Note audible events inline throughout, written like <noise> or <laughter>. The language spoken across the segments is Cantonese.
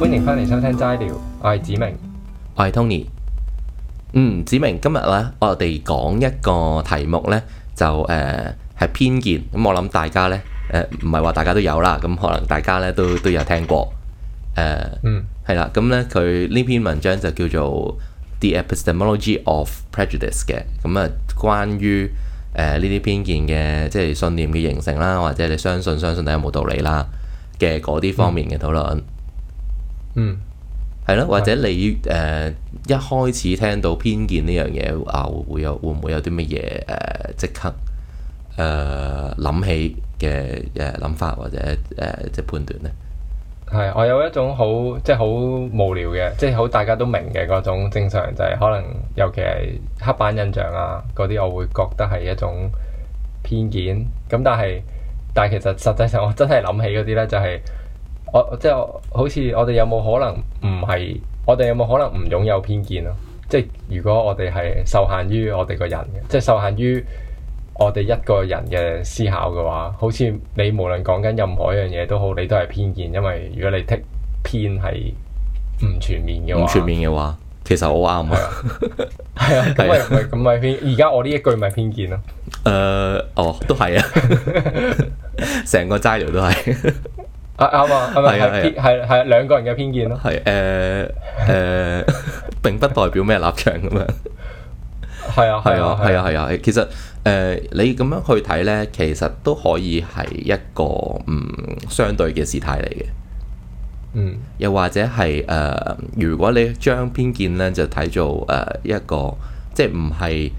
歡迎翻嚟收聽齋聊，我係梓明，我係 Tony。嗯，梓明今日咧，我哋講一個題目咧，就誒係、呃、偏見。咁、嗯、我諗大家咧誒唔係話大家都有啦，咁、嗯、可能大家咧都都，都有聽過誒、呃嗯。嗯，係啦，咁咧佢呢篇文章就叫做 The《The Epistemology of Prejudice》嘅，咁啊關於誒呢啲偏見嘅即係信念嘅形成啦，或者你相信相信你有冇道理啦嘅嗰啲方面嘅討論。嗯嗯，係咯，或者你誒、uh, 一開始聽到偏見呢樣嘢啊，會有會唔會有啲乜嘢誒即刻誒諗、uh, 起嘅誒諗法或者誒即係判斷呢？係，我有一種好即係好無聊嘅，即係好大家都明嘅嗰種正常，就係、是、可能尤其係刻板印象啊嗰啲，我會覺得係一種偏見。咁但係但係其實實際上我真係諗起嗰啲呢，就係。我即係好似我哋有冇可能唔係？我哋有冇可能唔擁有偏見咯、啊？即係如果我哋係受限於我哋個人嘅，即係受限於我哋一個人嘅思考嘅話，好似你無論講緊任何一樣嘢都好，你都係偏見，因為如果你剔偏係唔全面嘅，唔全面嘅話，其實好啱？係啊，咁咪咁咪偏？而家、就是、 <laughs> 我呢一句咪偏見咯、啊？誒、呃，哦，都係啊，成 <laughs> 個 title 都係。啊啱啊，係咪係係係兩個人嘅偏見咯？係。誒誒，並不代表咩立場咁樣。係啊，係啊，係啊，係啊！其實誒，你咁樣去睇咧，其實都可以係一個嗯相對嘅事態嚟嘅。嗯，又或者係誒，如果你將偏見咧就睇做誒一個，即係唔係？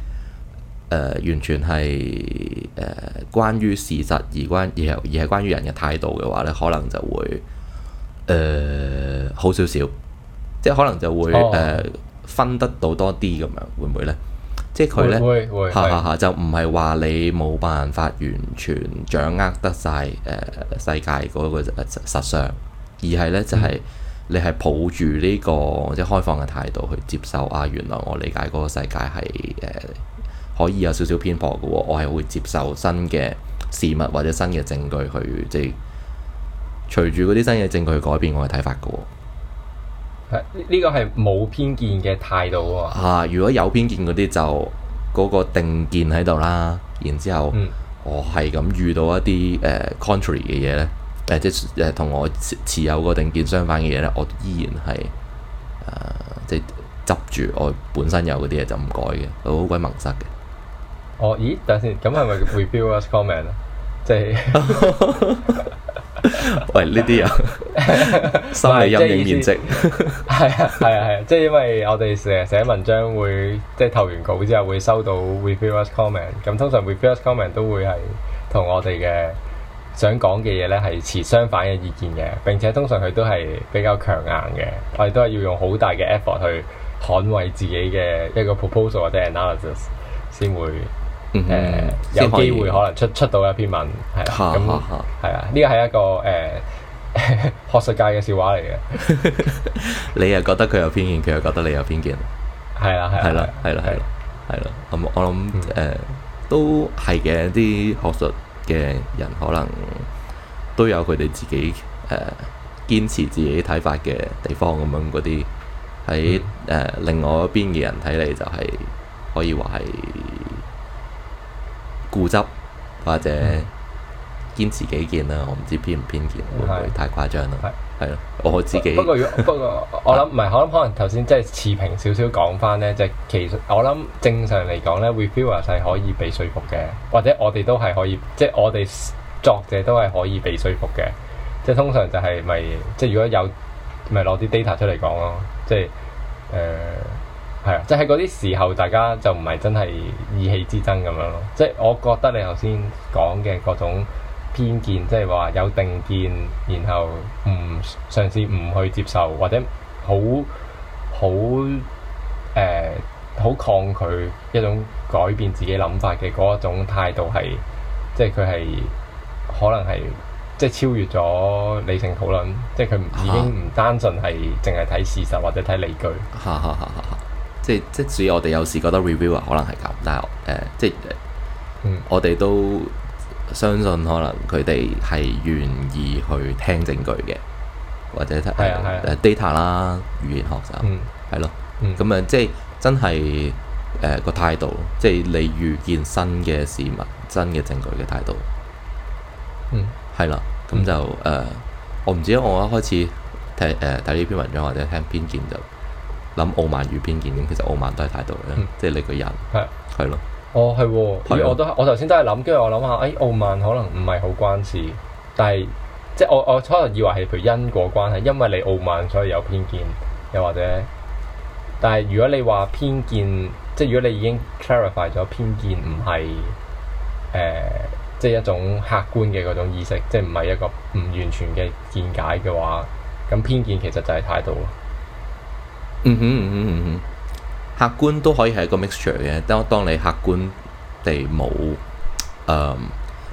誒、呃、完全係誒、呃、關於事實而關而而係關於人嘅態度嘅話咧，可能就會誒、呃、好少少，即係可能就會誒、哦呃、分得到多啲咁樣，會唔會咧？即係佢咧，嚇嚇嚇，下下下就唔係話你冇辦法完全掌握得晒誒、呃、世界嗰個實實相，而係咧、嗯、就係你係抱住呢、這個即係、就是、開放嘅態度去接受啊，原來我理解嗰個世界係誒。呃可以有少少偏頗嘅喎、哦，我係會接受新嘅事物或者新嘅證據去即係隨住嗰啲新嘅證據去改變我嘅睇法嘅喎、哦。呢個係冇偏見嘅態度喎、哦啊。如果有偏見嗰啲就嗰個定見喺度啦。然之後、嗯、我係咁遇到一啲誒、uh, contrary 嘅嘢咧，誒、uh, 即係同我持有個定見相反嘅嘢咧，我依然係誒、uh, 即係執住我本身有嗰啲嘢就唔改嘅，好鬼萌塞嘅。哦，咦，等下先，咁係咪 reviewers comment <laughs> 啊？即係，喂，呢啲啊，心理陰影面積，係啊，係啊，係啊，啊 <laughs> 即係因為我哋成日寫文章會，即係投完稿之後會收到 reviewers comment，咁通常 reviewers comment 都會係同我哋嘅想講嘅嘢咧係持相反嘅意見嘅，並且通常佢都係比較強硬嘅，我哋都係要用好大嘅 effort 去捍衛自己嘅一個 proposal 或者 analysis 先會。嗯，呃、有機會可能出出到一篇文，係咁係啊，呢個係一個誒、呃、學術界嘅笑話嚟嘅， <laughs> 你又覺得佢有偏見，佢又覺得你有偏見，係啊，係啦、啊，係啦、啊，係啦、啊，係啦、啊，咁、啊啊啊啊啊、我諗誒、呃、都係嘅，啲學術嘅人可能都有佢哋自己誒、呃、堅持自己睇法嘅地方咁樣嗰啲，喺誒、呃、另外一邊嘅人睇嚟就係可以話係。固執或者堅持己見啦，我唔知偏唔偏見，會唔會太誇張啦？係咯的，我自己、嗯、不過不過我諗唔係，我諗 <laughs> 可能頭先即係持平少少講翻呢，即係其實我諗正常嚟講呢 reviewers 係可以被說服嘅，或者我哋都係可以，即係我哋作者都係可以被說服嘅，即係通常就係咪即係如果有咪攞啲 data 出嚟講咯，即係誒。係，就係嗰啲時候，大家就唔係真係意氣之爭咁樣咯。即係我覺得你頭先講嘅各種偏見，即係話有定見，然後唔嘗試唔去接受，或者好好誒好抗拒一種改變自己諗法嘅嗰一種態度，係即係佢係可能係即係超越咗理性討論，即係佢已經唔單純係淨係睇事實或者睇理據。哈哈哈哈哈！即係即係即使我哋有時覺得 review 啊可能係咁，但係誒即係、嗯、我哋都相信可能佢哋係願意去聽證據嘅，或者睇、呃啊啊啊、data 啦，語言學習係咯，咁、嗯、啊、嗯嗯、即係真係誒、呃那個態度，即係你遇見新嘅事物、新嘅證據嘅態度，嗯、啊，係啦，咁就誒我唔知我一開始睇誒睇呢篇文章或者聽偏見就諗傲慢與偏見咁，其實傲慢都係態度咧，嗯、即係你個人係係咯。啊啊、哦，係、啊，所以我都我頭先都係諗，跟住我諗下，誒、哎，傲慢可能唔係好關事，但係即係我我初頭以為係譬如因果關係，因為你傲慢所以有偏見，又或者，但係如果你話偏見，即係如果你已經 clarify 咗偏見唔係誒，即係一種客觀嘅嗰種意識，即係唔係一個唔完全嘅見解嘅話，咁偏見其實就係態度。嗯嗯嗯嗯、客觀都可以係一個 mixture 嘅。當當你客觀地冇、呃、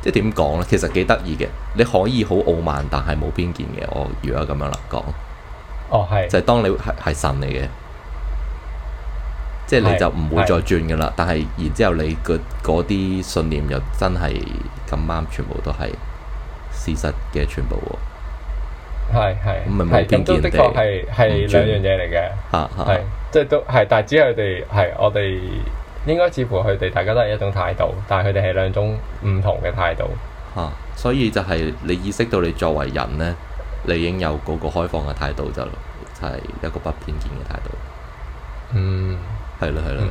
即係點講咧？其實幾得意嘅，你可以好傲慢，但係冇偏見嘅。我如果咁樣嚟講，哦、就係當你係係神嚟嘅，是即係你就唔會再轉噶啦。但係然之後你嗰啲信念又真係咁啱，全部都係事實嘅全部。係係，唔咪冇偏見的確係係兩樣嘢嚟嘅。係即係都係，但係只係佢哋係我哋應該似乎佢哋大家都係一種態度，但係佢哋係兩種唔同嘅態度。嚇、啊！所以就係你意識到你作為人咧，你已應有嗰個，個開放嘅態度就，就係、是、一個不偏見嘅態度。嗯，係咯係咯，嗯、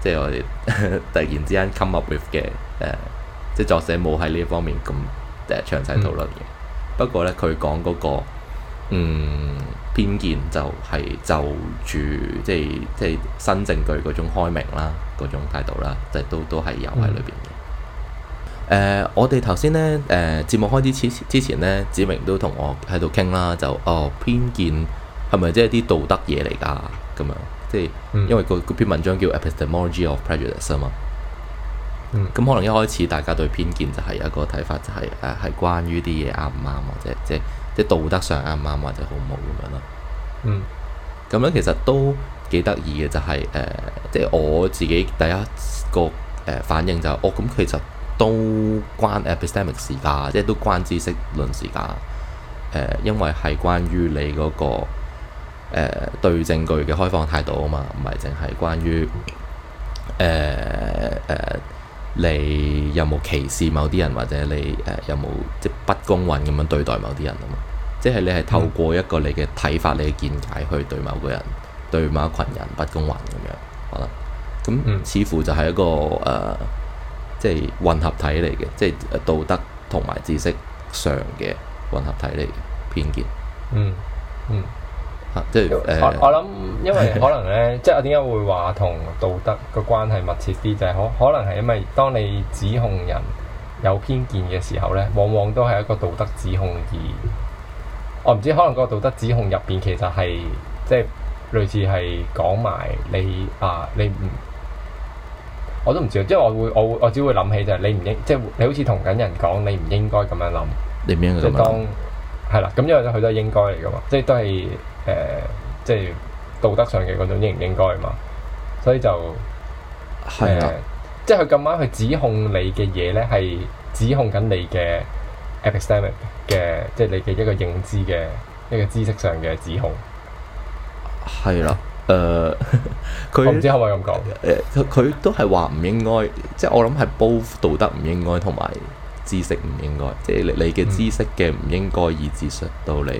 即係我哋 <laughs> 突然之間 come up with 嘅，誒，即係作者冇喺呢一方面咁誒詳細討論嘅。嗯不過咧，佢講嗰個嗯偏見就係就住即係即係新證據嗰種開明啦，嗰種態度啦，就係都都係有喺裏邊嘅。誒、嗯呃，我哋頭先咧，誒、呃、節目開始之前咧，梓明都同我喺度傾啦，就哦偏見係咪即係啲道德嘢嚟㗎？咁樣即係因為個嗰篇文章叫《Epistemology of Prejudice》啊嘛。咁、嗯、可能一開始大家對偏見就係一個睇法、就是，就係誒係關於啲嘢啱唔啱，或者即即道德上啱唔啱，或者好唔好咁樣咯。嗯，咁樣其實都幾得意嘅，就係、是、誒、呃，即係我自己第一個誒、呃、反應就係、是，哦咁、嗯、其實都關 epistemic 時間，即係都關知識論時間。誒、呃，因為係關於你嗰、那個誒、呃、對證據嘅開放態度啊嘛，唔係淨係關於誒誒。呃呃呃你有冇歧視某啲人，或者你誒、呃、有冇即不公允咁樣對待某啲人啊？嘛，即係你係透過一個你嘅睇法、嗯、你嘅見解去對某個人、對某一群人不公允咁樣，好啦，咁似乎就係一個誒、呃，即係混合體嚟嘅，即係道德同埋知識上嘅混合體嚟偏見，嗯嗯。嗯。即係，對我我諗，因為可能咧， <laughs> 即係我點解會話同道德個關係密切啲，就係、是、可可能係因為當你指控人有偏見嘅時候咧，往往都係一個道德指控，而我唔知，可能個道德指控入邊其實係即係類似係講埋你啊，你唔我都唔知，即係我會我我只會諗起就係你唔應，即係你好似同緊人講你唔應該咁樣諗，點樣嘅諗？即係當，係啦，咁因為佢都係應該嚟㗎嘛，即係都係誒、呃，即係道德上嘅嗰種應唔應該嘛，所以就係啦，呃、的即係佢咁啱，去指控你嘅嘢咧，係指控緊你嘅 epistemic 嘅，即係你嘅一個認知嘅，一個知識上嘅指控。係啦，誒、呃，佢 <laughs> 唔他知可唔可以咁講，誒、呃，佢佢都係話唔應該，即係我諗係 both 道德唔應該同埋。知識唔應該，即係你你嘅知識嘅唔應該，以至上到你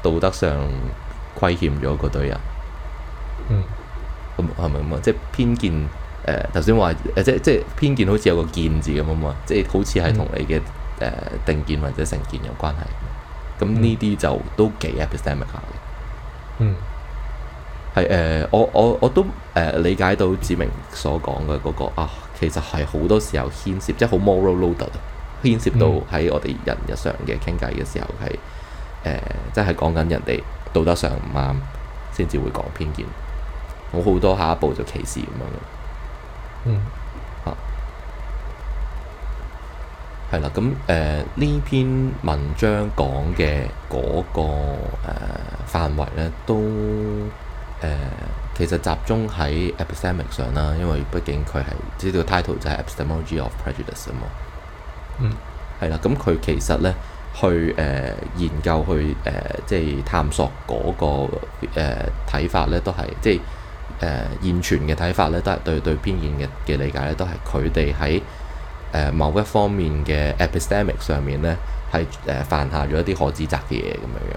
道德上虧欠咗嗰堆人。嗯。咁係咪咁啊？即係偏見，誒、呃，頭先話，誒，即係即係偏見，好似有個見字咁啊嘛，即係好似係同你嘅誒、嗯呃、定見或者成見有關係。咁呢啲就都幾 epistemic 嗯。係誒、呃，我我我都誒、呃、理解到梓明所講嘅嗰個啊。其實係好多時候牽涉，即係好 moral l o a d e r 牽涉到喺我哋人日常嘅傾偈嘅時候，係誒，即係講緊人哋道德上唔啱，先至會講偏見。好好多下一步就歧視咁樣。嗯。嚇、啊。係啦，咁誒呢篇文章講嘅嗰個誒、呃、範圍咧，都誒。呃其實集中喺 epistemic 上啦，因為畢竟佢係知道 title 就係 Epistemology of Prejudice 啊嘛。嗯。係啦，咁佢其實咧去誒、呃、研究去誒、呃、即係探索嗰、那個睇、呃、法咧，都係即係誒、呃、現存嘅睇法咧，都係對對偏見嘅嘅理解咧，都係佢哋喺誒某一方面嘅 epistemic 上面咧係誒犯下咗一啲可指責嘅嘢咁樣樣。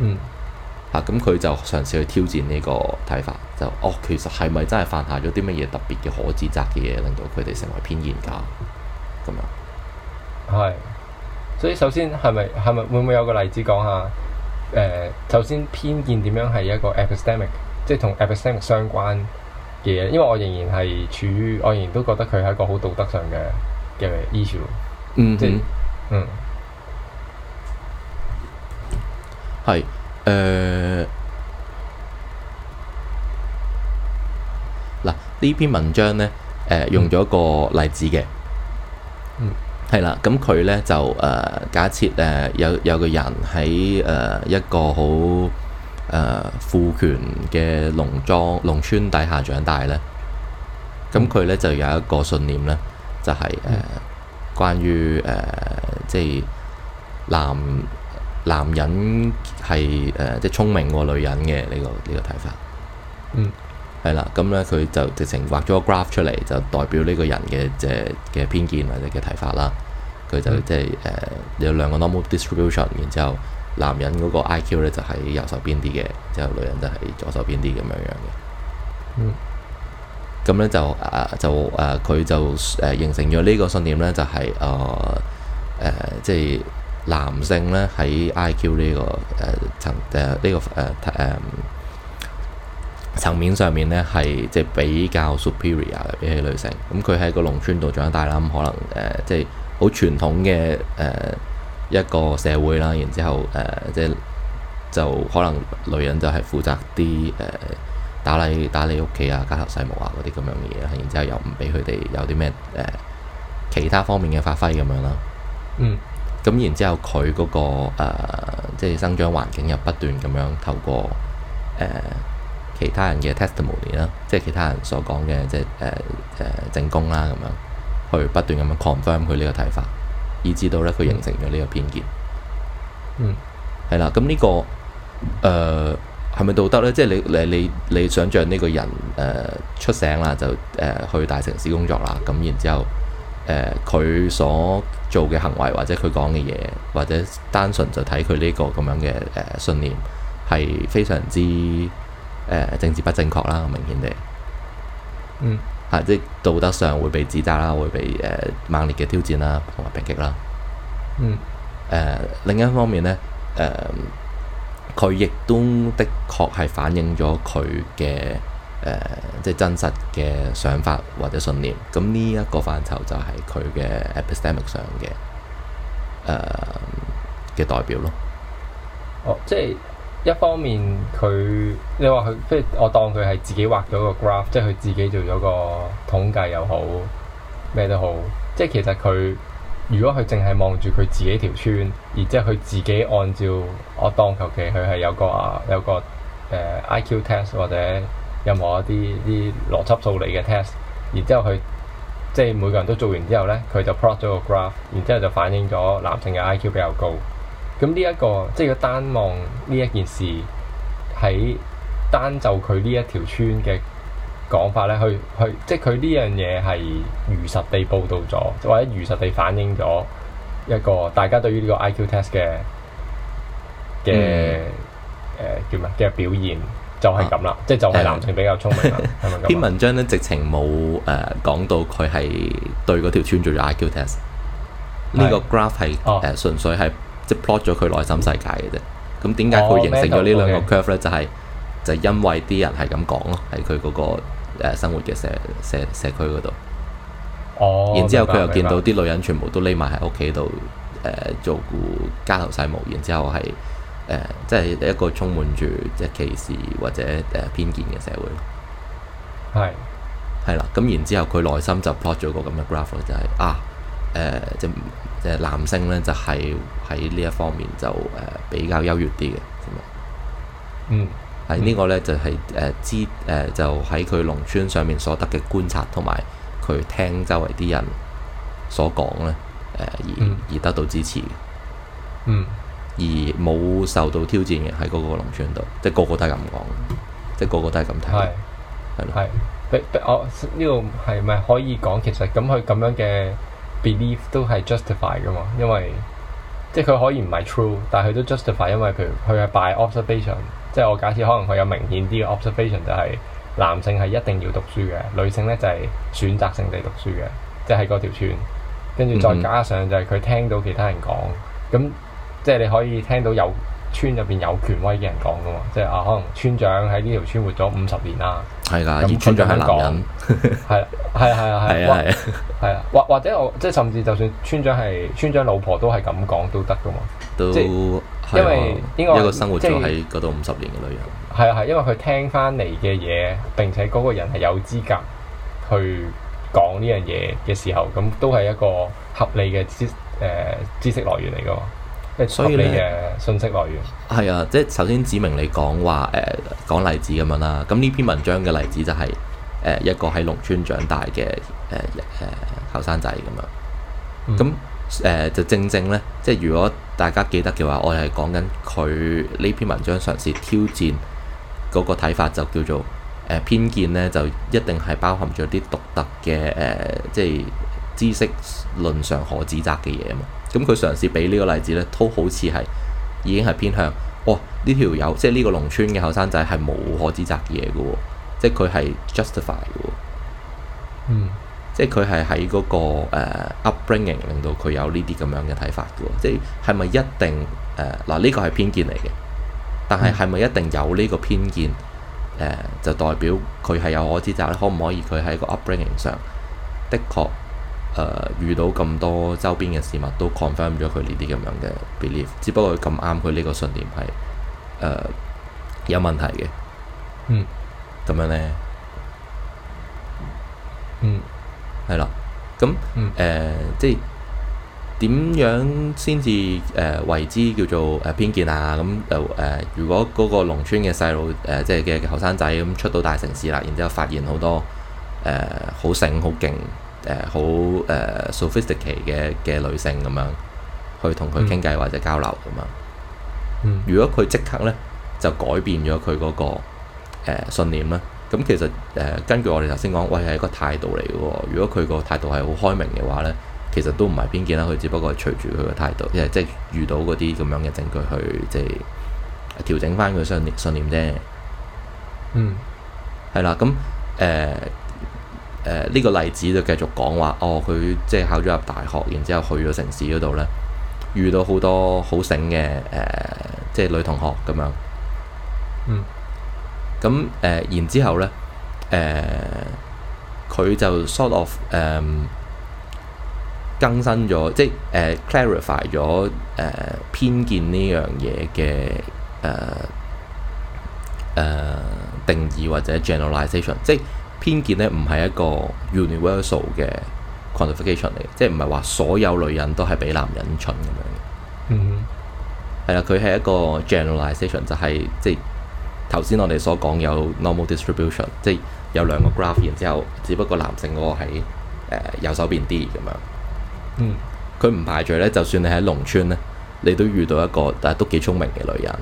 嗯。啊！咁佢就嘗試去挑戰呢個睇法，就哦，其實係咪真係犯下咗啲乜嘢特別嘅可指責嘅嘢，令到佢哋成為偏見㗎咁樣？係，所以首先係咪係咪會唔會有個例子講下？誒、呃，首先偏見點樣係一個 epistemic，即係同 epistemic 相關嘅嘢，因為我仍然係處於我仍然都覺得佢係一個好道德上嘅嘅 issue，嗯嗯哼嗯，係。誒，嗱呢、呃、篇文章咧，誒、呃、用咗個例子嘅，嗯，係啦，咁佢咧就誒、呃、假設誒、呃、有有個人喺誒、呃、一個好誒父權嘅農莊、農村底下長大咧，咁佢咧就有一個信念咧，就係、是、誒、呃、關於誒、呃、即係男。男人係誒、呃，即係聰明過女人嘅呢、這個呢、這個睇法。嗯，係啦，咁咧佢就直情畫咗個 graph 出嚟，就代表呢個人嘅嘅嘅偏見或者嘅睇、這個、法啦。佢就、嗯、即係誒、呃、有兩個 normal distribution，然之後男人嗰個 IQ 咧就喺、是、右手邊啲嘅，之後女人就喺左手邊啲咁樣樣嘅。嗯，咁咧就誒、呃、就誒佢、呃、就誒、呃、形成咗呢個信念咧，就係誒誒即係。男性咧喺 IQ 呢、呢個誒、呃、層誒呢個誒誒層面上面咧係即係比較 superior 比起女性，咁佢喺個農村度長大啦，咁、嗯、可能誒、呃、即係好傳統嘅誒、呃、一個社會啦，然之後誒、呃、即係就可能女人就係負責啲誒、呃、打理打理屋企啊、家頭細務啊嗰啲咁樣嘢，然之後又唔俾佢哋有啲咩誒其他方面嘅發揮咁樣啦。嗯。咁然之後、那個，佢嗰個即係生長環境又不斷咁樣透過誒、呃、其他人嘅 testimony 啦，即係其他人所講嘅，即係誒誒證供啦，咁樣去不斷咁樣 confirm 佢呢個睇法，以至到咧佢形成咗呢個偏見。嗯，係啦，咁呢、這個誒係咪道德咧？即係你你你你想像呢個人誒、呃、出省啦，就誒、呃、去大城市工作啦，咁然之後。誒佢、呃、所做嘅行為，或者佢講嘅嘢，或者單純就睇佢呢個咁樣嘅誒、呃、信念，係非常之誒、呃、政治不正確啦，明顯地，嗯，即、啊、道德上會被指責啦，會被誒、呃、猛烈嘅挑戰啦，同埋抨擊啦，嗯，誒、呃、另一方面呢，誒佢亦都的確係反映咗佢嘅。誒、呃，即係真實嘅想法或者信念，咁呢一個範疇就係佢嘅 epistemic 上嘅誒嘅代表咯。哦，即係一方面佢，你話佢，即係我當佢係自己畫咗個 graph，即係佢自己做咗個統計又好咩都好，即係其實佢如果佢淨係望住佢自己條村，然之後佢自己按照我當求其佢係有個有個誒、uh, IQ test 或者。任何一啲啲邏輯數理嘅 test，然之後佢即係每個人都做完之後咧，佢就 plot 咗個 graph，然之後就反映咗男性嘅 IQ 比較高。咁呢一個即係係單望呢一件事，喺單就佢呢一條村嘅講法咧，去去即係佢呢樣嘢係如實地報道咗，或者如實地反映咗一個大家對於呢個 IQ test 嘅嘅誒叫咩嘅表現。就係咁啦，即係就係男性比較聰明啦。篇文章咧，直情冇誒講到佢係對嗰條村做咗 IQ test。呢個 graph 係誒純粹係即係 plot 咗佢內心世界嘅啫。咁點解佢形成咗呢兩個 curve 咧？就係就因為啲人係咁講咯，喺佢嗰個誒生活嘅社社社區嗰度。哦。然之後佢又見到啲女人全部都匿埋喺屋企度，誒做家頭細務，然之後係。誒、呃，即係一個充滿住即歧視或者誒、呃、偏見嘅社會。係係啦，咁然之後佢內心就 plot 咗個咁嘅 graph，就係、是、啊，誒、呃、即即男性咧就係喺呢一方面就誒、呃、比較優越啲嘅。嗯，係呢個咧就係誒支誒就喺佢農村上面所得嘅觀察同埋佢聽周圍啲人所講咧誒而而、嗯、得到支持嘅。嗯。而冇受到挑戰嘅喺嗰個農村度，即係個個都係咁講，即係個個都係咁睇，係係咯。呢吧、呢個係咪可以講其實咁佢咁樣嘅 belief 都係 justify 嘅嘛？因為即係佢可以唔係 true，但係佢都 justify，因為譬如佢係 by observation，即係我假設可能佢有明顯啲嘅 observation，就係男性係一定要讀書嘅，女性呢就係、是、選擇性地讀書嘅，即係喺嗰條村，跟住再加上就係佢聽到其他人講咁。嗯哼即係你可以聽到有村入邊有權威嘅人講噶嘛，即係啊，可能村長喺呢條村活咗五十年啦、啊，係啦的，嗯、村長係男人，係啦，係啊， <laughs> 係啊，係啊，係啊，或或者我即係甚至就算村長係村長老婆都係咁講都得噶嘛，都即的因為應該一個生活咗喺嗰度五十年嘅女人，係啊係，因為佢聽翻嚟嘅嘢，並且嗰個人係有資格去講呢樣嘢嘅時候，咁都係一個合理嘅知誒、呃、知識來源嚟噶嘛。你所以呢嘅信息來源係啊，即係首先指明你講話誒講例子咁樣啦。咁呢篇文章嘅例子就係、是、誒、呃、一個喺農村長大嘅誒誒後生仔咁樣。咁誒、嗯呃、就正正咧，即係如果大家記得嘅話，我係講緊佢呢篇文章嘗試挑戰嗰個睇法，就叫做誒、呃、偏見咧，就一定係包含咗啲獨特嘅誒、呃，即係知識論上可指責嘅嘢嘛。咁佢嘗試俾呢個例子呢，都好似係已經係偏向，哇！呢條友即係呢個農村嘅後生仔係無可指責嘢嘅喎，即係佢係 justify 嘅喎，即係佢係喺嗰個 upbringing 令到佢有呢啲咁樣嘅睇法嘅喎，即係係咪一定誒嗱呢個係偏見嚟嘅？但係係咪一定有呢個偏見、uh, 就代表佢係有可指責？可唔可以佢喺個 upbringing 上的確？誒、呃、遇到咁多周邊嘅事物都 confirm 咗佢呢啲咁樣嘅 belief，只不過咁啱佢呢個信念係誒、呃、有問題嘅。嗯。咁樣咧。嗯。係啦。咁。嗯。呃、即係點樣先至誒為之叫做誒偏見啊？咁就誒，如果嗰個農村嘅細路誒，即係嘅後生仔咁出到大城市啦，然之後發現好多誒好醒好勁。誒，好誒，sophisticated 嘅嘅女性咁樣，去同佢傾偈或者交流咁樣。如果佢即刻呢就改變咗佢嗰個信念啦。咁其實誒，根據我哋頭先講，喂係一個態度嚟嘅。如果佢個態度係好開明嘅話呢，其實都唔係偏見啦。佢只不過係隨住佢個態度，即係即係遇到嗰啲咁樣嘅證據去即係調整翻佢信念信念啫。嗯、mm.。係啦，咁誒。誒，呢個例子就繼續講話，哦，佢即係考咗入大學，然之後去咗城市嗰度呢，遇到好多好醒嘅，誒，即係女同學咁樣。嗯。咁誒、呃，然之後呢，誒、呃、佢就 sort of 誒、呃、更新咗，即係、呃、clarify 咗誒、呃、偏見呢樣嘢嘅誒誒定義或者 generalization，即係。偏見咧唔係一個 universal 嘅 quantification 嚟嘅，即係唔係話所有女人都係比男人蠢咁樣嘅。嗯、mm，係、hmm. 啦，佢係一個 generalization，就係、是、即係頭先我哋所講有 normal distribution，即係有兩個 graph，然之後只不過男性嗰個喺誒、呃、右手邊啲咁樣。嗯、mm，佢、hmm. 唔排除咧，就算你喺農村咧，你都遇到一個但係都幾聰明嘅女人。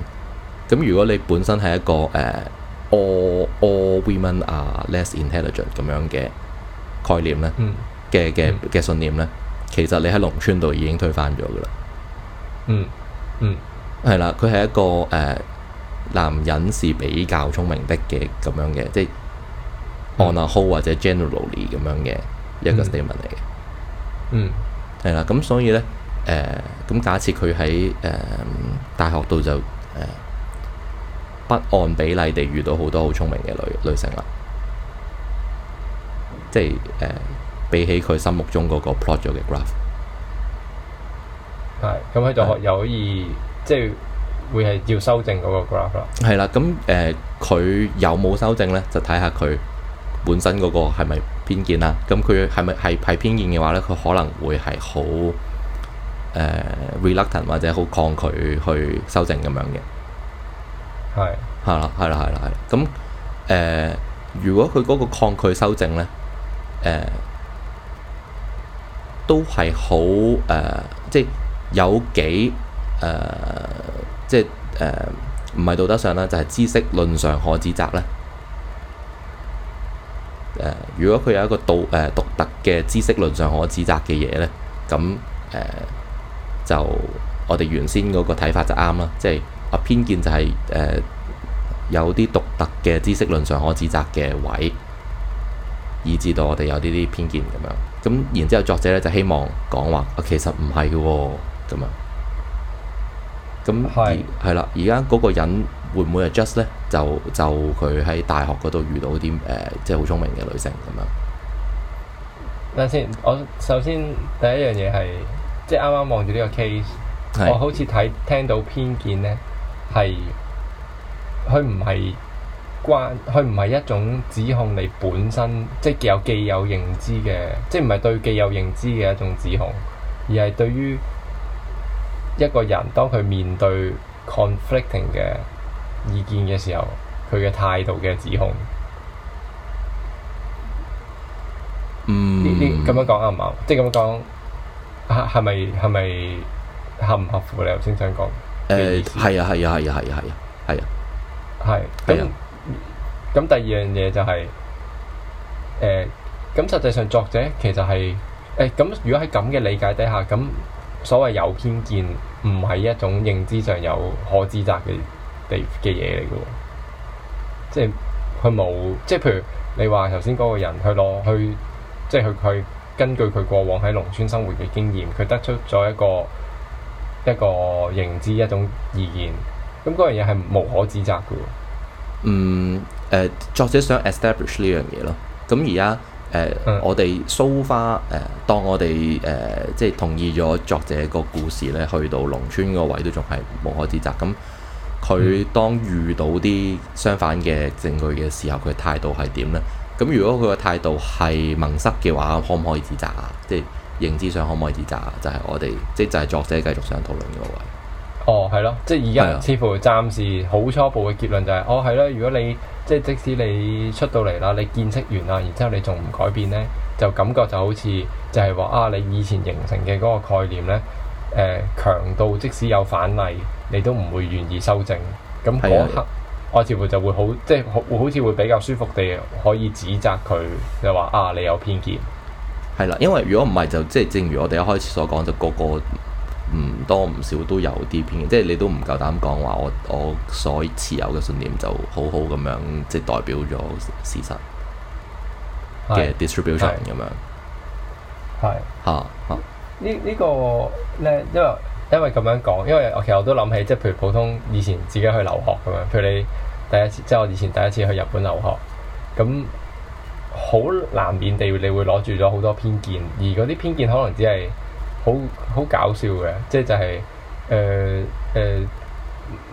咁如果你本身係一個誒。呃 All all women are less intelligent 咁樣嘅概念咧，嘅嘅嘅信念咧，其實你喺農村度已經推翻咗噶啦，嗯嗯、mm. mm.，係啦，佢係一個誒、uh, 男人是比較聰明的嘅咁樣嘅，mm. 即係 on a whole 或者 generally 咁樣嘅一個 statement 嚟嘅、mm. mm.，嗯，係啦，咁所以咧，誒、uh,，咁假設佢喺誒大學度就誒。Uh, 不按比例地遇到好多好聰明嘅女女性啦，即係誒、呃，比起佢心目中嗰個 plot 咗嘅 graph，係，咁喺度學又可以，呃、即係會係要修正嗰個 graph 啦。係啦，咁誒，佢、呃、有冇修正咧？就睇下佢本身嗰個係咪偏見啦、啊。咁佢係咪係係偏見嘅話咧？佢可能會係好誒、呃、reluctant 或者好抗拒去修正咁樣嘅。係，係啦，係啦，係啦，係。咁誒、嗯，如果佢嗰個抗拒修正呢，誒、嗯，都係好誒，即係有幾誒、呃，即係誒，唔、呃、係道德上啦，就係、是、知識論上可指責咧。誒、嗯，如果佢有一個獨誒、呃、獨特嘅知識論上可指責嘅嘢咧，咁、嗯、誒、嗯，就我哋原先嗰個睇法就啱啦，即係。啊，偏見就係、是、誒、呃、有啲獨特嘅知識論上可指責嘅位，以致到我哋有啲啲偏見咁樣。咁然之後作者咧就希望講話啊其實唔係嘅喎，咁啊。咁係係啦，而家嗰個人會唔會係 just 咧？就就佢喺大學嗰度遇到啲誒即係好聰明嘅女性咁樣。等下先，我首先第一樣嘢係即係啱啱望住呢個 case，是我好似睇聽到偏見咧。係，佢唔係關，佢唔係一種指控，你本身，即係既有，既有認知嘅，即係唔係對既有認知嘅一種指控，而係對於一個人當佢面對 conflicting 嘅意見嘅時候，佢嘅態度嘅指控。嗯、mm.。呢呢咁樣講啱唔啱？即係咁樣講，係咪係咪合唔合乎你頭先想講？誒，係、嗯、啊，係啊，係啊，係啊，係啊，係啊，係。咁第二樣嘢就係、是、咁、呃、實際上作者其實係，誒、欸、咁如果喺咁嘅理解底下，咁所謂有偏見，唔係一種認知上有可指責嘅地嘅嘢嚟嘅，即係佢冇，即係譬如你話頭先嗰個人，佢攞去，即係佢佢根據佢過往喺農村生活嘅經驗，佢得出咗一個。一個認知一種意見，咁嗰樣嘢係無可指責嘅喎。嗯，誒、呃、作者想 establish 呢樣嘢咯。咁而家誒我哋 so far 誒，當我哋誒、呃、即係同意咗作者個故事咧，去到農村個位都仲係無可指責。咁佢當遇到啲相反嘅證據嘅時候，佢態度係點咧？咁如果佢個態度係萌塞嘅話，可唔可以指責啊？即係。認知上可唔可以指責？就係、是、我哋，即就係、是、作者繼續想討論嘅位。哦，係咯，即係而家似乎暫時好初步嘅結論就係、是，的哦係啦，如果你即係即，即，即使你出到嚟啦，你見識完啦，然之後你仲唔改變呢，就感覺就好似就係話啊，你以前形成嘅嗰個概念呢，誒強到即使有反例，你都唔會願意修正。咁嗰刻的我似乎就會好，即係會好似會比較舒服地可以指責佢，就話啊，你有偏見。係啦，因為如果唔係就即係，正如我哋一開始所講，就個個唔多唔少都有啲偏見，即係你都唔夠膽講話，我我所持有嘅信念就好好咁樣，即係代表咗事實嘅 distribution 咁樣。係啊啊！啊這個、呢呢個咧，因為因為咁樣講，因為我其實我都諗起，即係譬如普通以前自己去留學咁樣，譬如你第一次，即係我以前第一次去日本留學咁。好難免地，你會攞住咗好多偏見，而嗰啲偏見可能只係好好搞笑嘅，即係就係誒誒，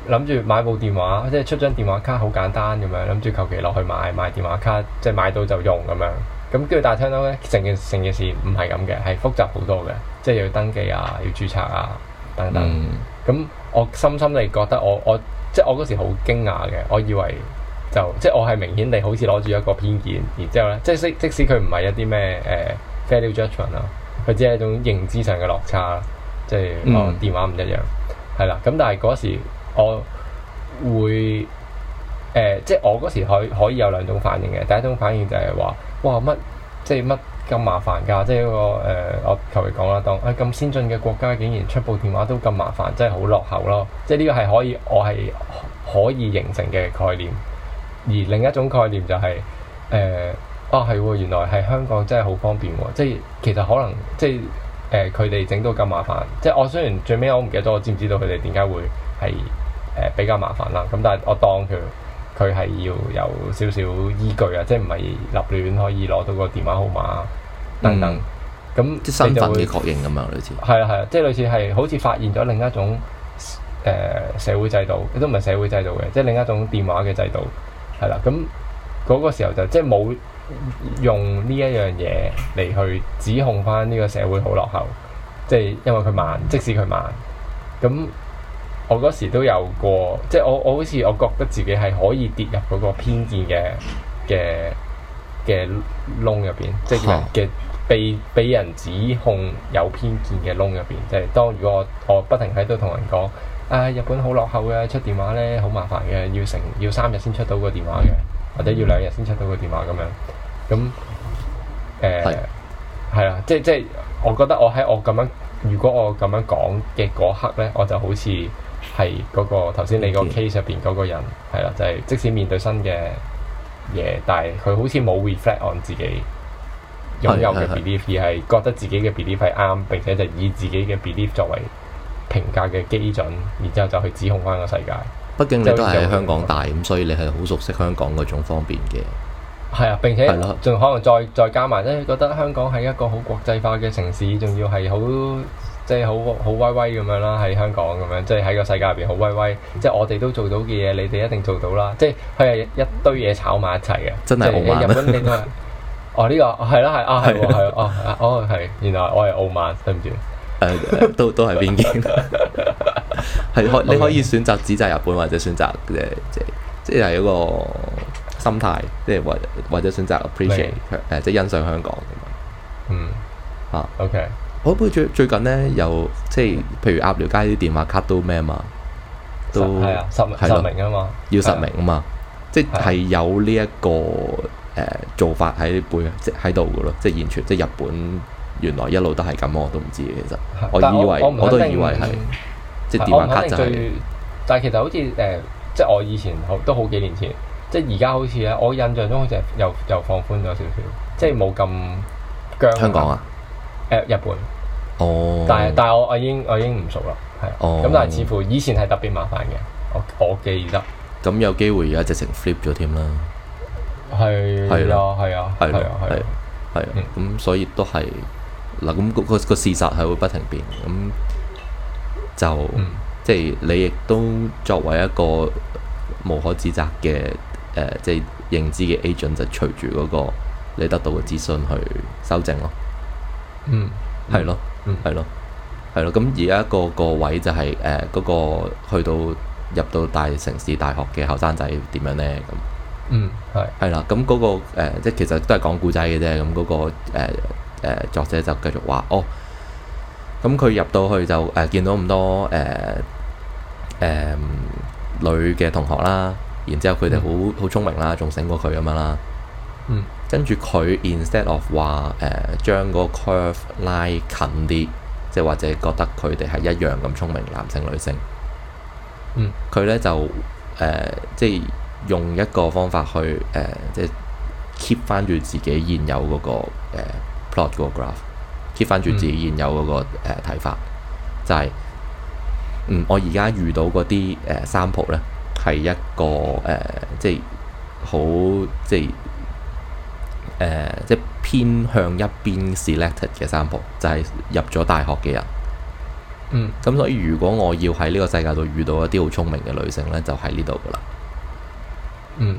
諗、呃、住、呃、買部電話，即係出張電話卡好簡單咁樣，諗住求其落去買買電話卡，即係買到就用咁樣。咁跟住，但係聽到咧，成件成件事唔係咁嘅，係複雜好多嘅，即係要登記啊，要註冊啊等等。咁、嗯、我深深地覺得我，我即我即係我嗰時好驚訝嘅，我以為。就即係我係明顯地好似攞住一個偏見，然之後呢，即係即使佢唔係一啲咩誒 value judgment 啊，佢只係一種認知上嘅落差，即係、嗯、哦電話唔一樣係啦。咁但係嗰時我會、呃、即係我嗰時可以可以有兩種反應嘅。第一種反應就係話哇，乜即係乜咁麻煩噶？即係、這個誒、呃、我求其講啦，當咁、啊、先進嘅國家竟然出部電話都咁麻煩，真係好落後咯即係呢個係可以我係可以形成嘅概念。而另一種概念就係、是、誒、呃、啊係喎，原來係香港真係好方便喎、啊，即係其實可能即係誒佢哋整到咁麻煩，即係我雖然最尾我唔記得咗，我知唔知道佢哋點解會係誒、呃、比較麻煩啦？咁但係我當佢佢係要有少少依據啊，即係唔係立亂可以攞到個電話號碼等等咁，即係、嗯、身份嘅確認咁啊？類似係啊係啊，即係類似係好似發現咗另一種誒、呃、社會制度，都唔係社會制度嘅，即係另一種電話嘅制度。係啦，咁嗰個時候就即係冇用呢一樣嘢嚟去指控翻呢個社會好落後，即係因為佢慢，即使佢慢，咁我嗰時都有過，即係我我好似我覺得自己係可以跌入嗰個偏見嘅嘅嘅窿入邊，係嘅即係嘅被被人指控有偏見嘅窿入邊，即係當如果我我不停喺度同人講。啊！日本好落後嘅，出電話咧，好麻煩嘅，要成要三日先出到個電話嘅，或者要兩日先出到個電話咁樣。咁誒係啊，即即我覺得我喺我咁樣，如果我咁樣講嘅嗰刻咧，我就好似係嗰個頭先你個 case 入邊嗰個人係啦的，就係、是、即使面對新嘅嘢，但係佢好似冇 reflect on 自己擁有嘅 belief，的而係覺得自己嘅 belief 係啱，並且就以自己嘅 belief 作為評價嘅基準，然之後就去指控翻個世界。畢竟你都係喺香港大，咁所以你係好熟悉香港嗰種方便嘅。係啊，並且仲可能再再加埋咧，覺得香港係一個好國際化嘅城市，仲要係好即係好好威威咁樣啦。喺香港咁樣，即係喺個世界入邊好威威。即係我哋都做到嘅嘢，你哋一定做到啦。即係佢係一堆嘢炒埋一齊嘅，真係傲慢、 <laughs> 哦這個哦、啊！啊啊 <laughs> 哦呢個係啦係啊係係哦哦係，原來我係傲慢，對唔住。都都係邊件？係 <laughs> <laughs> <laughs> 可你可以選擇指責日本，或者選擇嘅即係即係係一個心態，即係或或者選擇 appreciate 誒， <laughs> 即係欣賞香港咁啊。嗯啊，OK。我不過最最近咧，又即係譬如鴨寮街啲電話卡都咩嘛，都係啊，實名啊嘛，啊要實名啊嘛，啊即係有呢、這、一個誒、呃、做法喺背，即喺度噶咯，即係完全即係日本。原來一路都係咁，我都唔知其實，我以為我都以為係即電話卡就係。但係其實好似誒，即係我以前都好幾年前，即係而家好似咧，我印象中好似又又放寬咗少少，即係冇咁僵。香港啊？誒，日本哦。但係但係我我已經我已經唔熟啦，係啊。咁但係似乎以前係特別麻煩嘅，我我記得。咁有機會而家直情 flip 咗添啦。係啊！係啊！係啊！係啊！係啊！咁所以都係。嗱，咁個個事實係會不停變，咁就、嗯、即係你亦都作為一個無可指責嘅誒、呃，即係認知嘅 agent，就隨住嗰個你得到嘅資訊去修正咯。嗯，係咯的，嗯，係咯的，係咯、嗯。咁而家個個位就係誒嗰個去到入到大城市大學嘅後生仔點樣咧？咁，嗯，係，係啦。咁嗰、嗰個即係、呃、其實都係講故仔嘅啫。咁嗰、嗰個、呃誒作者就繼續話哦，咁佢入到去就誒、呃、見到咁多誒誒、呃呃呃、女嘅同學啦，然之後佢哋好好聰明啦，仲醒過佢咁樣啦。嗯，跟住佢 instead of 話誒將個 curve 拉近啲，即係或者覺得佢哋係一樣咁聰明，男性女性。嗯，佢咧就誒、呃、即係用一個方法去誒、呃，即係 keep 翻住自己現有嗰、那個、呃 Plot 嗰個 graph，keep 翻住、嗯、自己現有嗰、那個睇、uh, 法，就係、是、嗯我而家遇到嗰啲、uh, sample 咧，係一個誒、uh, 即係好即係誒、uh, 即係偏向一邊 selected 嘅 sample，就係入咗大學嘅人。嗯，咁所以如果我要喺呢個世界度遇到一啲好聰明嘅女性咧，就喺呢度噶啦。嗯。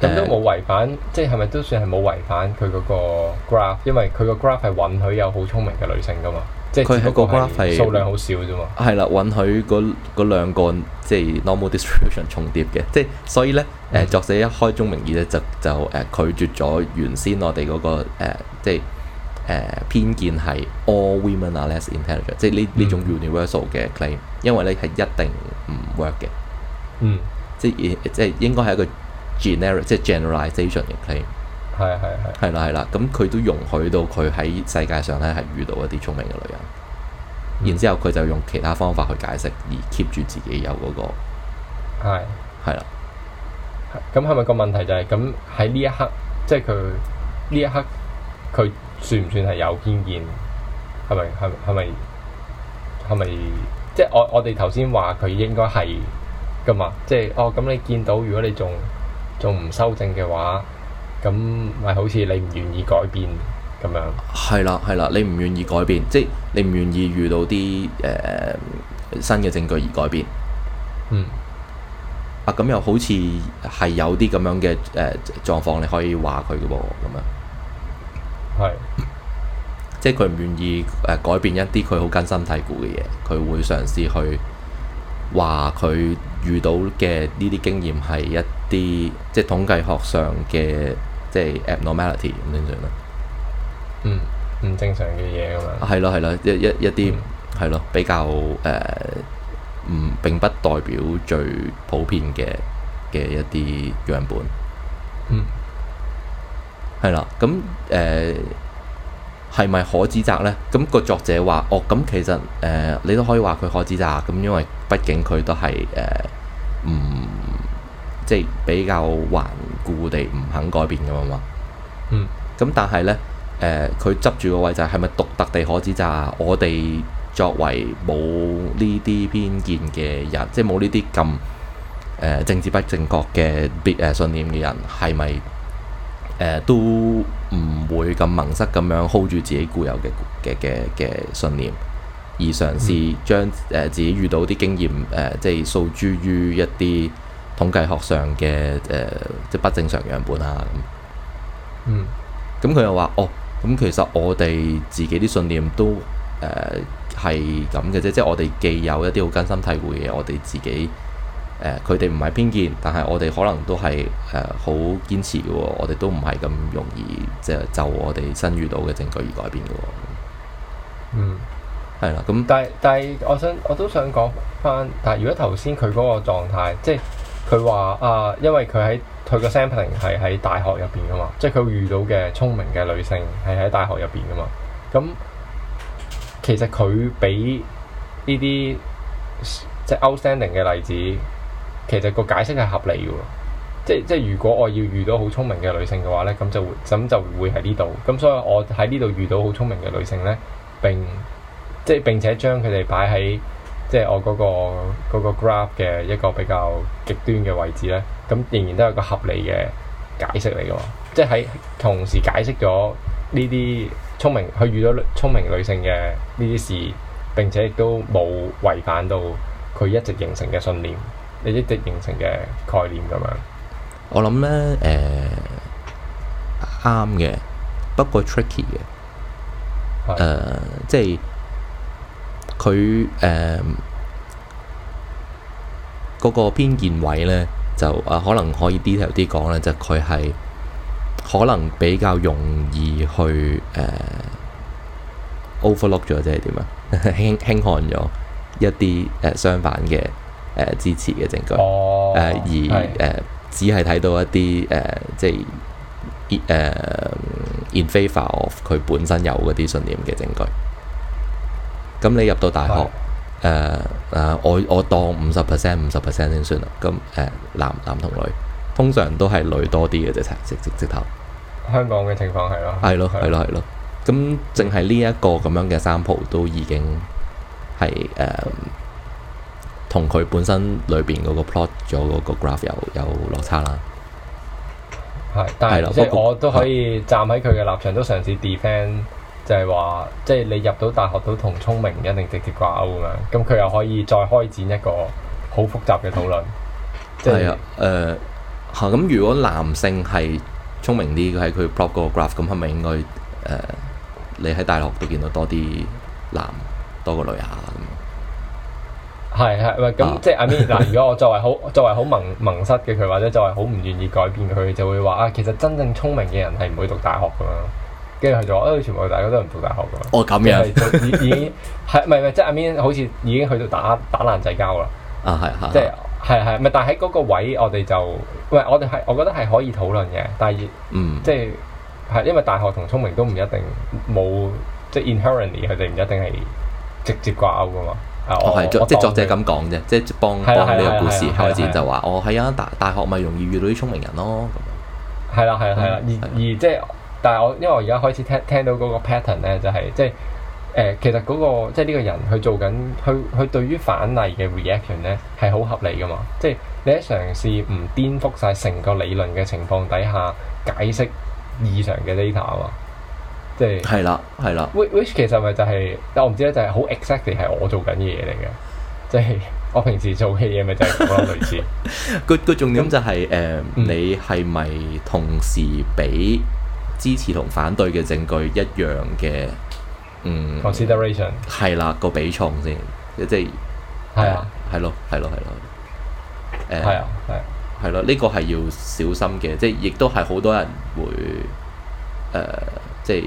咁、嗯、都冇違反，即係咪都算係冇違反佢嗰個 graph？因為佢個 graph 係允許有好聰明嘅女性噶嘛，即係只不過係數量好少啫嘛。係啦，允許嗰嗰兩個即係 normal distribution 重疊嘅，即係所以咧，誒、嗯、作者一開宗明義咧就就誒拒絕咗原先我哋嗰、嗰個、呃、即係誒、呃、偏見係 all women are less intelligent，、嗯、即係呢呢種 universal 嘅 claim，因為咧係一定唔 work 嘅。嗯，即係即係應該係一個，generic 即係 generalization 嘅 claim，係係係，係啦係啦。咁佢都容許到佢喺世界上咧係遇到一啲聰明嘅女人，嗯、然之後佢就用其他方法去解釋，而 keep 住自己有嗰、嗰個係係啦。咁係咪個問題就係咁喺呢一刻，即係佢呢一刻算算，佢算唔算係有偏見？係咪係係咪係咪？即係我我哋頭先話佢應該係噶嘛？即係哦，咁你見到如果你仲做唔修正嘅話，咁咪好似你唔願意改變咁樣。係啦係啦，你唔願意改變，即係你唔願意遇到啲誒、呃、新嘅證據而改變。嗯。啊，咁又好似係有啲咁樣嘅誒、呃、狀況，你可以話佢嘅噃，咁樣。係是。即係佢唔願意誒、呃、改變一啲佢好根深蒂固嘅嘢，佢會嘗試去話佢。遇到嘅呢啲經驗係一啲即係統計學上嘅即係 abnormality 咁。正常啦，嗯，唔正常嘅嘢咁樣，係咯係咯，一一一啲係咯比較誒，唔、呃、並不代表最普遍嘅嘅一啲樣本，嗯，係啦，咁誒係咪可指責咧？咁個作者話：哦，咁其實誒、呃、你都可以話佢可指責咁，因為畢竟佢都係誒。呃唔、嗯、即係比較頑固地唔肯改變咁啊嘛，嗯、咁、嗯、但係呢，佢、呃、執住個位就係咪獨特地可指責咋？我哋作為冇呢啲偏見嘅人，即係冇呢啲咁誒政治不正確嘅別誒信念嘅人，係咪、呃、都唔會咁盲塞咁樣 hold 住自己固有嘅嘅嘅嘅信念？而嘗試將誒、呃、自己遇到啲經驗誒、呃，即係訴諸於一啲統計學上嘅誒、呃，即係不正常樣本啊。嗯。咁佢又話：哦，咁其實我哋自己啲信念都誒係咁嘅啫。即係我哋既有一啲好根心體會嘅，我哋自己，誒佢哋唔係偏見，但係我哋可能都係誒好堅持嘅喎。我哋都唔係咁容易即係就我哋新遇到嘅證據而改變嘅喎。嗯。係啦，咁但係但係，我想我都想講返。但係如果頭先佢嗰個狀態，即係佢話啊，因為佢喺佢個 sampling 係喺大學入邊㗎嘛，即係佢遇到嘅聰明嘅女性係喺大學入邊㗎嘛。咁其實佢畀呢啲即係 outstanding 嘅例子，其實個解釋係合理嘅喎。即係即係，如果我要遇到好聰明嘅女性嘅話咧，咁就會咁就會喺呢度。咁所以我喺呢度遇到好聰明嘅女性咧，並即係並且將佢哋擺喺即係我嗰、那個嗰、那個 graph 嘅一個比較極端嘅位置咧，咁、嗯、仍然都有一個合理嘅解釋嚟嘅，即係喺同時解釋咗呢啲聰明佢遇到聰明女性嘅呢啲事，並且亦都冇違反到佢一直形成嘅信念，你一直形成嘅概念咁樣。我諗咧誒啱嘅，不過 tricky 嘅，誒的、呃、即係。佢誒嗰個偏見位咧，就啊、呃、可能可以 detail 啲講咧，就佢、是、係可能比較容易去誒、呃、overlook 咗，即係點啊？輕輕看咗一啲誒、呃、相反嘅誒、呃、支持嘅證據，誒、oh，而誒 yes.、呃、只係睇到一啲誒、呃、即係誒、呃、in favour of 佢本身有嗰啲信念嘅證據。咁你入到大學，誒誒，我我當五十 percent、五十 percent 先算啦。咁誒，男男同女，通常都係女多啲嘅啫，直直直頭。香港嘅情況係咯。係咯，係咯，係咯。咁淨係呢一個咁樣嘅 sample，都已經係誒，同佢本身裏邊嗰個 plot 咗嗰個 graph 有有落差啦。係，但係即係我都可以站喺佢嘅立場，都嘗試 defend。就係話，即、就、係、是、你入到大學都同聰明一定直接掛鈎咁樣，咁佢又可以再開展一個好複雜嘅討論。即係誒嚇，咁、就是哎呃嗯、如果男性係聰明啲，嘅喺佢 plot 個 graph，咁係咪應該誒、呃？你喺大學都見到多啲男多過女啊？咁係係喂，咁即係 I mean mean, <laughs> 呃、如果我作為好作為好萌萌塞嘅佢，或者作為好唔願意改變佢，就會話啊，其實真正聰明嘅人係唔會讀大學㗎嘛。跟住佢就話，都全部大家都唔讀大學噶。哦咁樣啊，已經係唔係即係阿 Min 好似已經去到打打爛仔交啦。啊係啊，即係係係，唔係但喺嗰個位，我哋就喂，我哋係，我覺得係可以討論嘅。但係嗯，即係係因為大學同聰明都唔一定冇，即係 inherently 佢哋唔一定係直接掛鈎噶嘛。哦，係作即係作者咁講啫，即係幫幫呢個故事開始就話，哦係啊，大大學咪容易遇到啲聰明人咯。係啦係啦係啦，而而即係。但係我，因為我而家開始聽聽到嗰個 pattern 咧，就係、是、即係誒、呃，其實嗰、那個即係呢個人佢做緊，佢佢對於反例嘅 reaction 咧係好合理噶嘛。即係你喺嘗試唔顛覆晒成個理論嘅情況底下解釋異常嘅 data 嘛，即係係啦係啦。which which 其實咪就係、是，但我唔知咧，就係、是、好 exactly 係我做緊嘅嘢嚟嘅，即係我平時做嘅嘢咪就係咁咯，類似 <laughs> 個個重點就係、是、誒，那嗯、你係咪同時俾？支持同反對嘅證據一樣嘅，嗯，consideration 係啦個比重先，即係係啊，係咯 Yeah.，係咯，係咯，誒係啊，係，係咯、嗯，呢、這個係要小心嘅，即係亦都係好多人會誒、呃、即係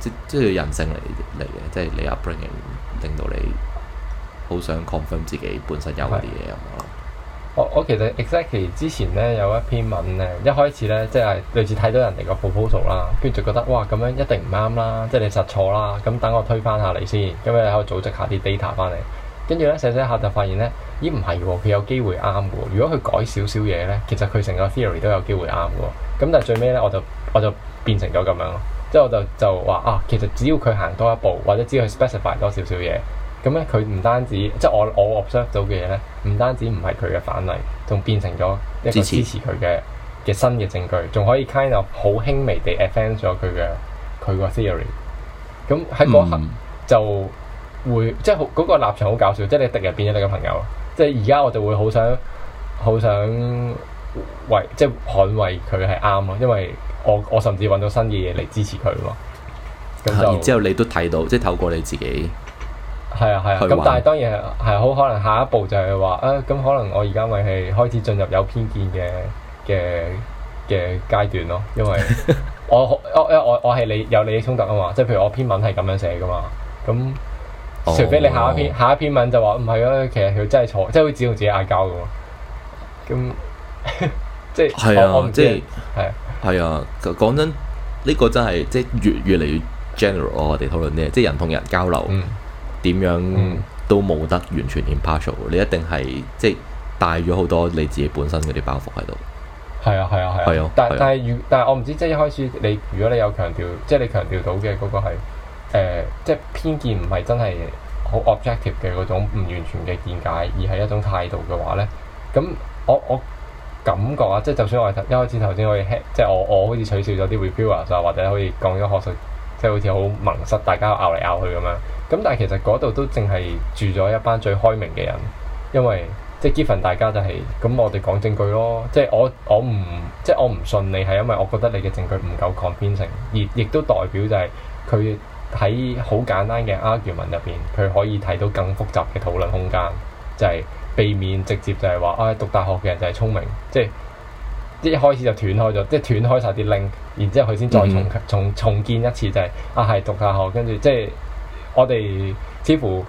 即即係人性嚟嚟嘅，即係你 upbringing 令到你好想 confirm 自己本身有啲嘢咁咯。Yeah. 我我其實 exactly 之前咧有一篇文咧，一開始咧即係類似睇到人哋個 proposal 啦，跟住就覺得哇咁樣一定唔啱啦，即係你實錯啦，咁等我推翻下你先，咁你喺度組織下啲 data 翻嚟。跟住咧寫寫下就發現咧，咦唔係喎，佢有機會啱嘅喎。如果佢改少少嘢咧，其實佢成個 theory 都有機會啱嘅喎。咁但係最尾咧我就我就變成咗咁樣咯，即係我就就話啊，其實只要佢行多一步，或者只要佢 specify 多少少嘢。咁咧，佢唔單止即係我我 observe 到嘅嘢咧，唔單止唔係佢嘅反例，仲變成咗一個支持佢嘅嘅新嘅證據，仲可以 kind of 好輕微地 advance 咗佢嘅佢個 theory。咁喺我，嗰嗰刻就會、嗯、即係好嗰個立場好搞笑，即係你敵人變咗你嘅朋友。即係而家我就會好想好想為即係捍衛佢係啱咯，因為我我甚至揾到新嘅嘢嚟支持佢喎。咁、啊、然之後你都睇到，即係透過你自己。係啊係啊，咁、啊、但係當然係好可能下一步就係話啊咁可能我而家咪係開始進入有偏見嘅嘅嘅階段咯，因為我 <laughs> 我我我係你有你嘅衝突啊嘛，即係譬如我篇文係咁樣寫噶嘛，咁、嗯、除非你下一篇、oh. 下一篇文就話唔係啊，其實佢真係錯，即係會自動自己嗌交噶嘛。咁、嗯、 <laughs> 即係係啊，我唔知，係係啊，講、啊啊、真呢、呢個真係即係越越嚟越 general 我哋討論啲即係人同人交流。嗯點樣都冇得完全 impartial，嗯、你一定係即係帶咗好多你自己本身嗰啲包袱喺度。係啊，係啊，係啊。係啊，但啊但係如但係我唔知，即係一開始你如果你有強調，即係你強調到嘅嗰個係、呃、即係偏見唔係真係好 objective 嘅嗰種唔完全嘅見解，而係一種態度嘅話咧，咁我我感覺啊，即係就算我一開始頭先可以即係我我好似取笑咗啲 reviewer 啊，或者可以講咗學術，即係好似好萌塞大家拗嚟拗去咁樣。咁但係其實嗰度都淨係住咗一班最開明嘅人，因為即係 given 大家就係、是、咁，我哋講證據咯。即係我我唔即係我唔信你，係因為我覺得你嘅證據唔夠 convincing，而亦都代表就係佢喺好簡單嘅 argument 入邊，佢可以睇到更複雜嘅討論空間，就係、是、避免直接就係話唉讀大學嘅人就係聰明，即係一開始就斷開咗，即係斷開晒啲 link，然之後佢先再重、嗯、重重建一次就係、是、啊係讀大學，跟住即係。我哋似乎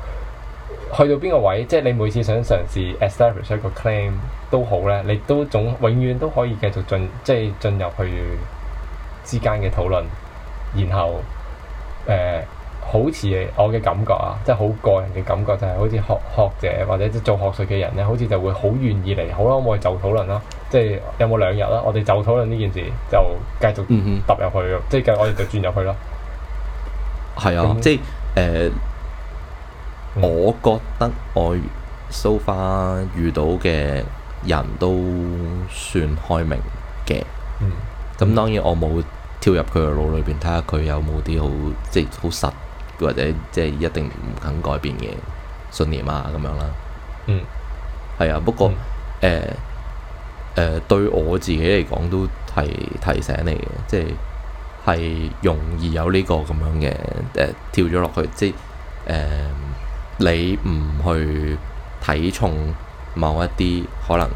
去到邊個位，即係你每次想嘗試 establish 一個 claim 都好咧，你都總永遠都可以繼續進，即係進入去之間嘅討論。然後誒，好似我嘅感覺啊，即係好個人嘅感覺就係，好似學學者或者做學術嘅人咧，好似就會好願意嚟。好啦，我哋就討論啦，即係有冇兩日啦，我哋就討論呢件事，就繼續踏入去，即係我哋就轉入去咯。係啊，即係。誒，uh, mm hmm. 我覺得我 so far 遇到嘅人都算開明嘅，咁、mm hmm. 當然我冇跳入佢嘅腦裏邊睇下佢有冇啲好即係好實或者即係一定唔肯改變嘅信念啊咁樣啦。嗯、mm，係、hmm. 啊，不過誒誒、mm hmm. 呃呃、對我自己嚟講都提提醒你嘅，即、就、係、是。係容易有呢個咁樣嘅，誒、呃、跳咗落去，即係誒、呃、你唔去睇重某一啲可能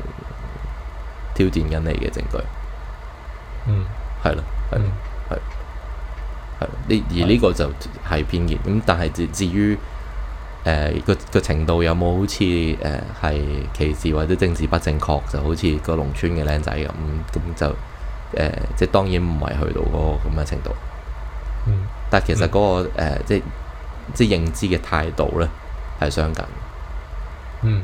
挑戰緊你嘅證據，嗯，係咯，係係係呢，而呢個就係偏見咁。但係至至於誒、呃、個個程度有冇好似誒係歧視或者政治不正確，就好似個農村嘅靚仔咁咁就。誒、呃，即係當然唔係去到嗰個咁嘅程度，嗯、但係其實嗰、嗰個誒、嗯呃，即係即係認知嘅態度咧係相近，嗯，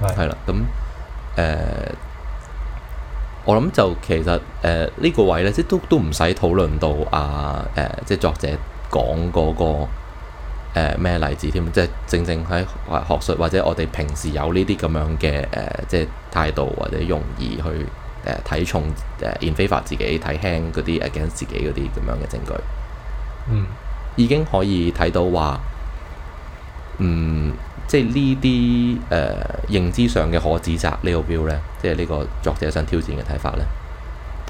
係係啦，咁誒、呃，我諗就其實誒呢、呃呢個位咧，即係都都唔使討論到啊，誒、呃，即係作者講嗰個。誒咩、呃、例子添？即係正正喺學術或者我哋平時有呢啲咁樣嘅誒、呃，即係態度或者容易去誒睇、呃、重誒、呃、in favour 自己睇輕嗰啲 against 自己嗰啲咁樣嘅證據，嗯，已經可以睇到話，嗯，即係呢啲誒認知上嘅可指責呢個 view 咧，即係呢個作者想挑戰嘅睇法咧。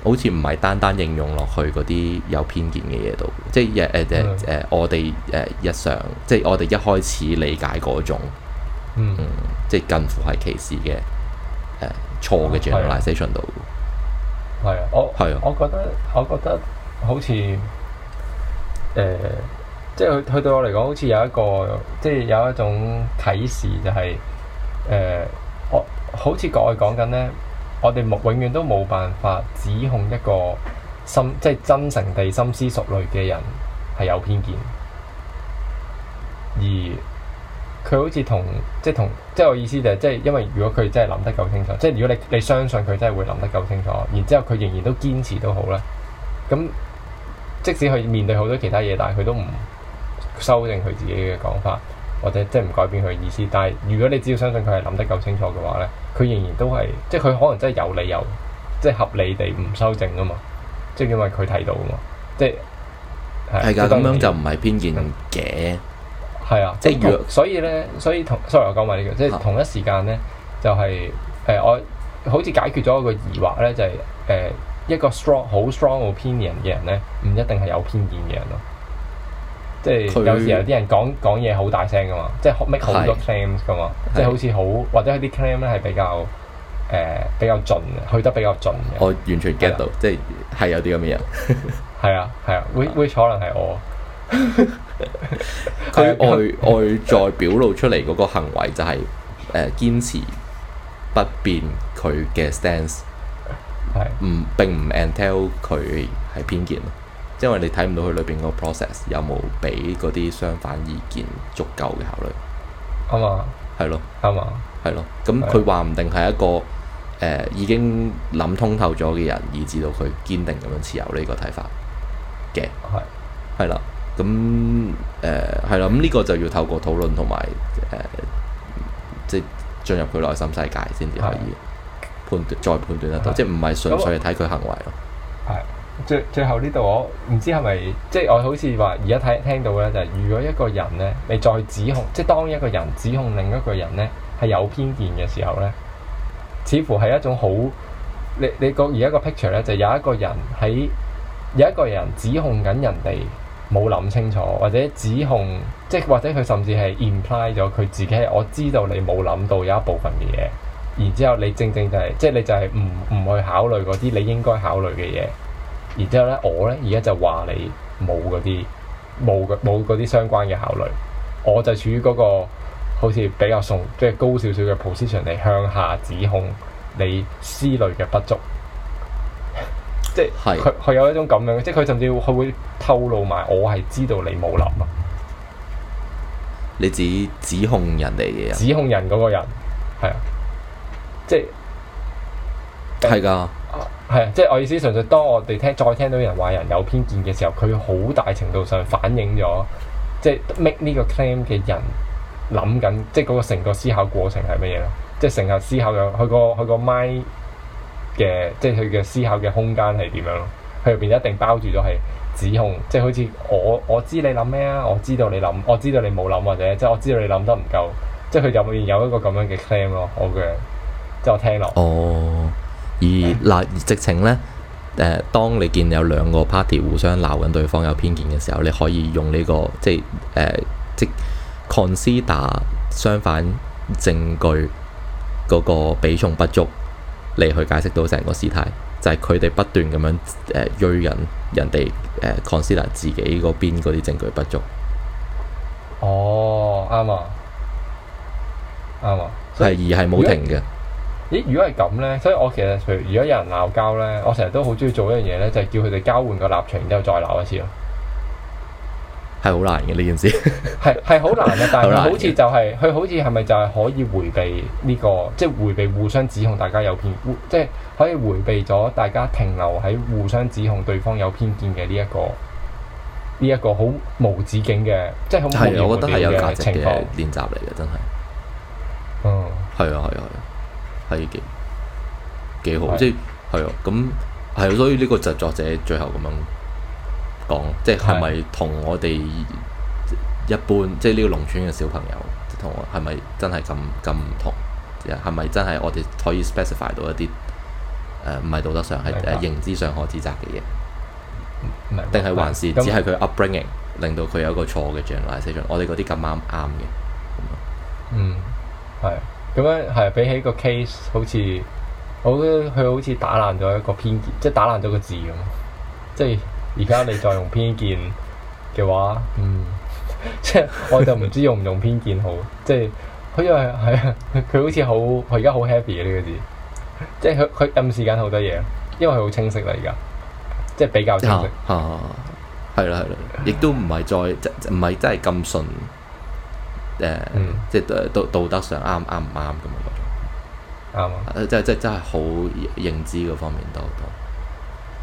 好似唔係單單應用落去嗰啲有偏見嘅嘢度，即係誒誒誒誒，啊啊嗯、我哋誒日常，即係我哋一開始理解嗰種，嗯，嗯，即係近乎係歧視嘅誒、呃、錯嘅 generalization 度。係啊，啊啊係啊我係啊，我覺得我覺得好似誒、呃，即係佢佢對我嚟講好似有一個，即係有一種啟示，就係，就係誒我好似講係講緊咧。我哋永遠都冇辦法指控一個深即係真誠地深思熟慮嘅人係有偏見，而佢好似同即係同即係我意思就係、是、即係，因為如果佢真係諗得夠清楚，即係如果你你相信佢真係會諗得夠清楚，然之後佢仍然都堅持都好啦。咁即使佢面對好多其他嘢，但係佢都唔修正佢自己嘅講法。或者即係唔改變佢意思，但係如果你只要相信佢係諗得夠清楚嘅話呢佢仍然都係，即係佢可能真係有理由，即係合理地唔修正噶嘛，即係因為佢睇到啊嘛，即係係咁樣就唔係偏見嘅，係啊、嗯，即係如果所以呢，所以同 sorry 我講埋呢個，即係同一時間呢，就係誒我好似解決咗一個疑惑呢，就係、是、誒、呃、一個 strong 好 strong opinion 嘅人呢，唔一定係有偏見嘅人咯。即係他有時候啲人講講嘢好大聲㗎嘛，即係 make 是的 即好多 claim 㗎嘛，即係好似好或者啲 claim 咧係比較誒、呃、比較盡去得比較盡嘅。我完全 get 的到，的即係係有啲咁嘅人，係啊係啊，會會 <laughs> 可能係我。佢外外在表露出嚟嗰個行為就係、是、誒、uh，堅持不變佢嘅 stance 的係唔並唔 entail 佢係偏見。因為你睇唔到佢裏邊個 process 有冇俾嗰啲相反意見足夠嘅考慮，係咪？係咯嗎，係咪？了，係咯嗎，咁佢話唔定係一個誒、呃、已經諗通透咗嘅人，以至到佢堅定咁樣持有呢個睇法嘅，係係啦，咁誒係啦，咁呢、呃、個就要透過討論同埋誒即係進入佢內心世界先至可以判斷的再判斷得到，的即係唔係純粹係睇佢行為咯，係。最最後呢度，我唔知係咪即係我好似話而家聽聽到咧，就係如果一個人咧，你再指控，即係當一個人指控另一個人咧，係有偏見嘅時候咧，似乎係一種好你你個而家個 picture 咧，就有一個人喺有一個人指控緊人哋冇諗清楚，或者指控即係或者佢甚至係 imply 咗佢自己係我知道你冇諗到有一部分嘅嘢，然之後你正正就係即係你就係唔唔去考慮嗰啲你應該考慮嘅嘢。然之後咧，我咧而家就話你冇嗰啲冇冇嗰啲相關嘅考慮，我就處於嗰個好似比較崇即係高少少嘅 position 嚟向下指控你思慮嘅不足，即係佢佢有一種咁樣，即係佢甚至佢會，會透露埋我係知道你冇諗啊！你指指控人哋嘅人啊？指控人嗰個人係啊，即係係㗎。係啊，即係我意思，純粹當我哋聽再聽到人話人有偏見嘅時候，佢好大程度上反映咗，即係 make 呢個 claim 嘅人諗緊，即係嗰個成個思考過程係乜嘢咯？即係成日思考嘅佢個佢個 mind 嘅，即係佢嘅思考嘅空間係點樣咯？佢入邊一定包住咗係指控，即係好似我我知你諗咩啊？我知道你諗，我知道你冇諗或者即係我知道你諗得唔夠，即係佢入面有一個咁樣嘅 claim 咯。我嘅即係我聽落。而嗱，直情咧，誒、呃，當你見有兩個 party 互相鬧緊對方有偏見嘅時候，你可以用呢、這個即係誒、呃、即係 consider 相反證據嗰個比重不足，嚟去解釋到成個事態，就係佢哋不斷咁樣誒鋭引人哋誒、呃、consider 自己嗰邊嗰啲證據不足。哦、Oh, right. Right. So,，啱啊，啱啊，係而係冇停嘅。如果係咁呢，所以我其實，譬如，如果有人鬧交呢，我成日都好中意做一樣嘢呢，就係、是、叫佢哋交換個立場，然之後再鬧一次咯。係好難嘅呢件事，係係好難嘅，但係好似就係、是、佢好似係咪就係可以回避呢、這個，即係回避互相指控大家有偏，即係可以回避咗大家停留喺互相指控對方有偏見嘅呢一個呢一、這個好無止境嘅，即係係啊，我覺得係有價值嘅練習嚟嘅，真係，嗯，係啊，係啊，係幾幾好，的即係啊。咁係，所以呢個就作者最後咁樣講，即係係咪同我哋一般，的即係呢個農村嘅小朋友同我係咪真係咁咁唔同？係咪真係我哋可以 specify 到一啲唔係道德上，係誒白認知上可指責嘅嘢？定係白還，還是只係佢 upbringing 令到佢有一個錯嘅 generalization？我哋嗰啲咁啱啱嘅，嗯，係。咁樣係比起個 case，好似我覺得佢好似打爛咗一個偏見，即係打爛咗個字咁。即係而家你再用偏見嘅話， <laughs> 嗯，即係我就唔知用唔用偏見好。即佢因為係啊，佢、就是、好似好，佢而家好 happy 嘅呢個字。即係佢佢暗示緊好多嘢，因為佢好清晰啦而家，即係比較清晰。啊，係啦係啦，亦、啊、都唔係再即唔係真係咁順。誒，嗯、即係道道德上啱啱唔啱咁嘅嗰種，啱啊！即係即係真係好認知嗰方面都、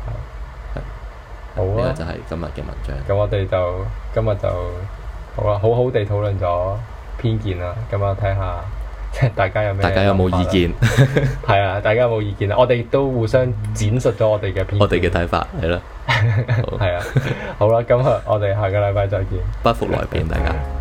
嗯嗯、好係係好啊！呢個就係今日嘅文章。咁我哋就今日就好啦，好好地討論咗偏見啦。咁啊，睇下即係大家有咩？大家有冇意見？係 <laughs> <laughs> <laughs> 啊，大家有冇意見啊？我哋都互相展述咗我哋嘅偏我哋嘅睇法，係啦，係啊，好啦，咁 <laughs> 啊，我哋下個禮拜再見。 <laughs> 不服來辯，大家。 <laughs>